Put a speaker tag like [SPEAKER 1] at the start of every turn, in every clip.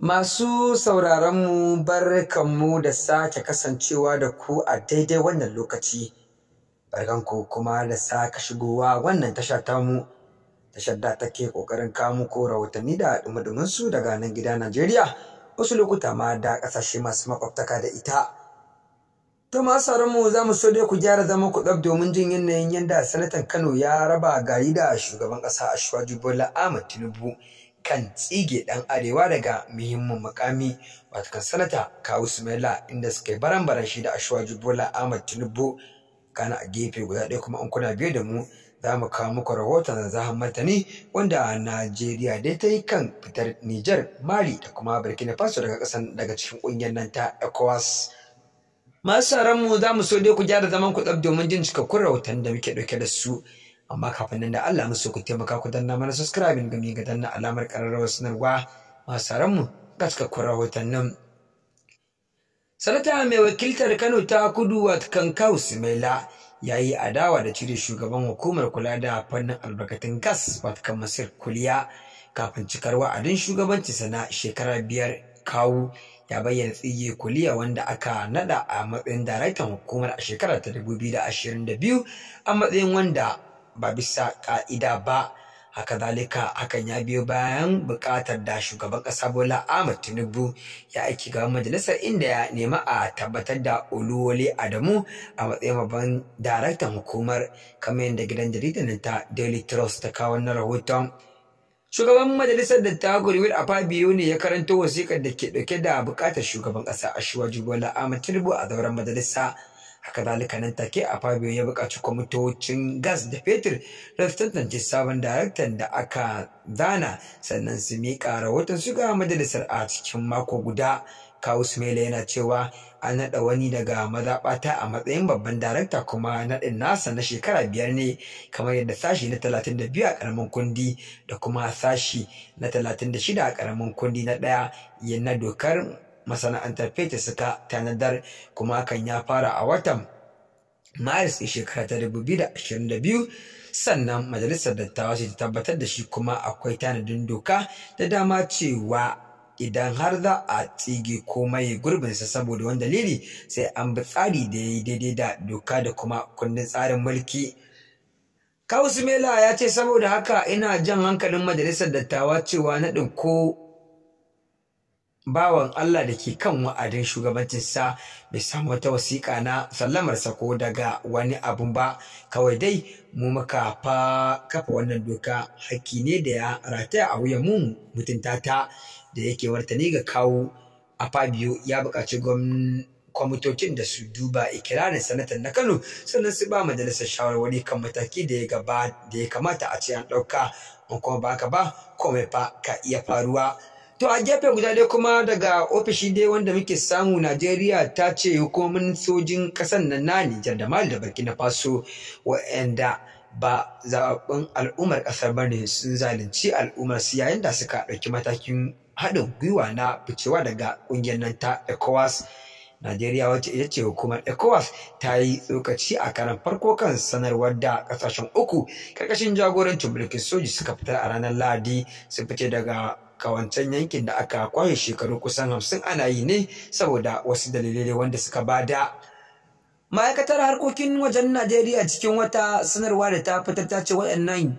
[SPEAKER 1] Masu sauraronmu barkanmu da sake kasancewa da ku a daidai wannan lokaci. Barkanku kuma da sake shigowa wannan tasha tamu, tashar da take ƙoƙarin kawo muku rahotanni da ɗumuɗuminsu daga nan gida Najeriya, wasu lokuta ma da ƙasashe masu maƙwabtaka da ita. To masu mu za mu so dai ku gyara zama ku ɗab domin jin yanayin yanda sanatan Kano ya raba gari da shugaban ƙasa Ashwaju Bola Ahmed Tinubu. kan tsige ɗan arewa daga muhimmin mukami kan sanata kawu sumaila inda suka yi baran-baran shi da ashwaju bola ahmad tinubu kana a gefe guda ɗaya kuma an kuna biyu da mu za mu kawo muku rahoton zanzahan martani wanda najeriya dai ta yi kan fitar nijar mali da kuma burkina faso daga ƙasan daga cikin ƙungiyar nan ta ecowas masu mu za mu so dai ku gyara zaman ku tsab domin jin cikakkun rahoton da muke ɗauke da su amma kafin nan da Allah musu ku taimaka ku danna mana ga gami ga danna alamar ƙararrawar sanarwa masu ranmu ga cikakkun rahotannin. Sanata mai wakiltar Kano ta kudu wata kankau Simaila ya yi adawa da cire shugaban hukumar kula da fannin albarkatun gas wata Masir Kuliya kafin cikar wa'adin shugabanci sana shekara biyar kawu ya bayyana tsiye kuliya wanda aka nada a matsayin daraktan hukumar a shekara ta 2022 a matsayin wanda ba bisa ka'ida ba haka zalika hakan ya biyo bayan buƙatar da shugaban ƙasa bola ahmad tinubu ya aiki ga majalisar inda ya nemi a tabbatar da oluwole adamu a matsayin babban daraktan hukumar kamar yadda gidan jaridar ta daily trust ta kawo wannan rahoton Shugaban Majalisar Dattawa a Afabio ne ya karanto wasikar da ke ɗauke da buƙatar shugaban ƙasa Ashiwaju Bola Ahmed Tinubu a zauren majalisa haka zalika nan take a fabio ya buƙaci kwamitocin gas da fetur da su tantance sabon daraktan da aka zana sannan su miƙa rahoton su ga majalisar a cikin mako guda kawu sumela yana cewa an naɗa wani daga mazaɓata a matsayin babban darakta kuma naɗin nasa na shekara biyar ne kamar yadda sashi na talatin da biyu a ƙaramin kundi da kuma sashi na talatin shida a ƙaramin kundi na ɗaya na dokar masana'antar Fetur suka tanadar kuma hakan ya fara a watan maris shekara ta dubu biyu da da ashirin biyu, sannan majalisar dattawa ce ta tabbatar da shi kuma akwai tanadin doka da dama cewa idan har za a tsige ko mai gurbinsa saboda wani dalili sai an bi tsari da ya yi daidai da doka da kuma kundin tsarin mulki kawusu mela ya ce saboda haka ina jan hankalin majalisar dattawa cewa naɗin ko bawan Allah da ke kan wa'adin shugabancinsa bai samu wata wasiƙa na sallamarsa ko daga wani abun ba kawai dai mu muka fa kafa wannan doka hakki ne da ya rataya a wuyan mu mutunta ta da yake wartani ga kawo a Fabio ya buƙaci kwamitocin da su duba ikirarin sanatar na kano sannan su ba majalisar shawarwari kan mataki da ya gaba da ya kamata a ce an ɗauka in kuma ba ka ba komai fa ka iya faruwa To a gefe guda dai kuma daga ofishi dai wanda muke samu Najeriya ta ce hukumomin sojin ƙasar nan na Nijar da Mali da Burkina Faso wa'anda ba zaɓin al'ummar ƙasar ba ne sun zalunci al'ummar su yayin da suka ɗauki matakin haɗin gwiwa na ficewa daga ƙungiyar nan ta ECOWAS. Najeriya wacce ita ce hukumar ECOWAS ta yi tsokaci a karan farko kan sanarwar da ƙasashen uku karkashin jagorancin mulkin soji suka fitar a ranar Lahadi sun fice daga Kawancen yankin da aka kwaye shekaru kusan hamsin ana yi ne saboda wasu dalilai wanda suka bada ma'aikatar harkokin wajen najeriya cikin wata sanarwa da ta fitar ta ce waɗannan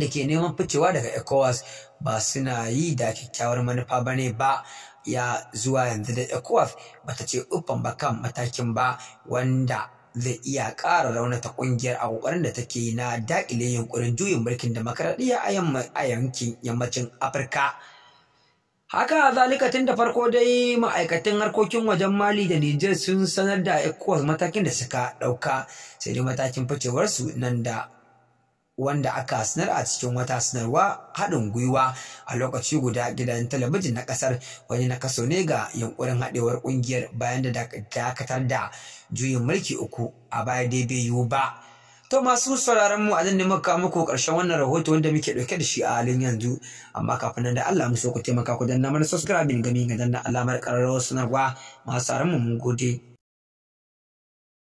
[SPEAKER 1] da ke neman ficewa daga ecowas ba suna yi da kyakkyawar manufa ba ne ba ya zuwa yanzu da ecowas ta ce uffan ba kan matakin ba wanda zai iya ƙara raunata ƙungiyar a ƙoƙarin da take na daƙile yunƙurin juyin mulkin demokaradiyya a yankin yammacin Afirka. Haka zalika tun da farko dai ma'aikatan harkokin wajen Mali da Nijar sun sanar da ECOWAS matakin da suka ɗauka sai dai matakin ficewarsu nan da wanda aka sanar a cikin wata sanarwa haɗin gwiwa a lokaci guda gidan talabijin na ƙasar wani na kaso ne ga yankurin haɗewar ƙungiyar bayan da dakatar da juyin mulki uku a baya dai bai yiwu ba to masu sauraron mu a nan nemi muka muku ƙarshen wannan rahoto wanda muke ɗauke da shi a halin yanzu amma kafin nan da Allah mu so ku taimaka ku danna mana subscribing gami ga danna alamar ƙararrawar sanarwa masu sauraron mu mun gode